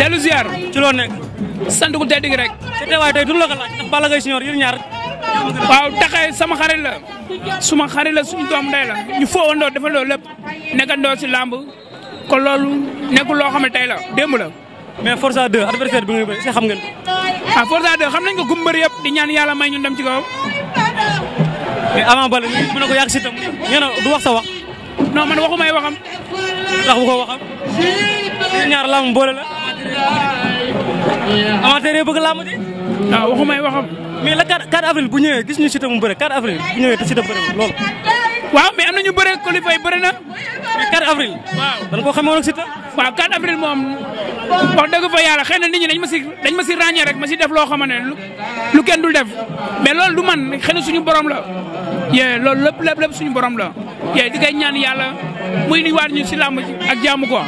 dellu ziar. ci loo nekk. sant ku tedd gi rek. sa teewaay tey du la ko laaj ndax Balla Gaye senior yéen ñaar. waaw taxay sama xarit la suma xarit la sum doom day la ñu foowandoo loo lépp nekkandoo si làmb kon loolu nekku loo xam ne tey la démb la. mais Forza 2 adversaire bi nga bëri xam ngeen ah Forza 2 xam nañ ko gumbër yëpp di ñaan yàlla may ñun dem ci kawam. mais avant Balla mën a ko yàgg si itam nee du wax sa wax. non man waxu may waxam. ndax bu ko waxam. ñaar làmb boole amateur yi bëgg làmb ji. waaw ah, waxumay waxam. mais la 4 4 avril bu ñëwee gis ñu Siteu mu bëre 4 avril bu ñëwee te Siteu bëre loolu. waaw mais am na ñu bëre qualifié bëre na. mais 4 avril. waaw da nga koo xamoon ak Siteu. waaw 4 avril moom wax dëgg fa yàlla xëy na nit ñi dañ ma si dañ ma si ràññee rek ma si def loo xamante ne lu kenn dul def mais loolu du man xëy na suñu borom la. yee loolu lépp lépp lépp suñu borom la. yee di koy ñaan yàlla muy nuyuwaat ñu si làmb ak jàmm ko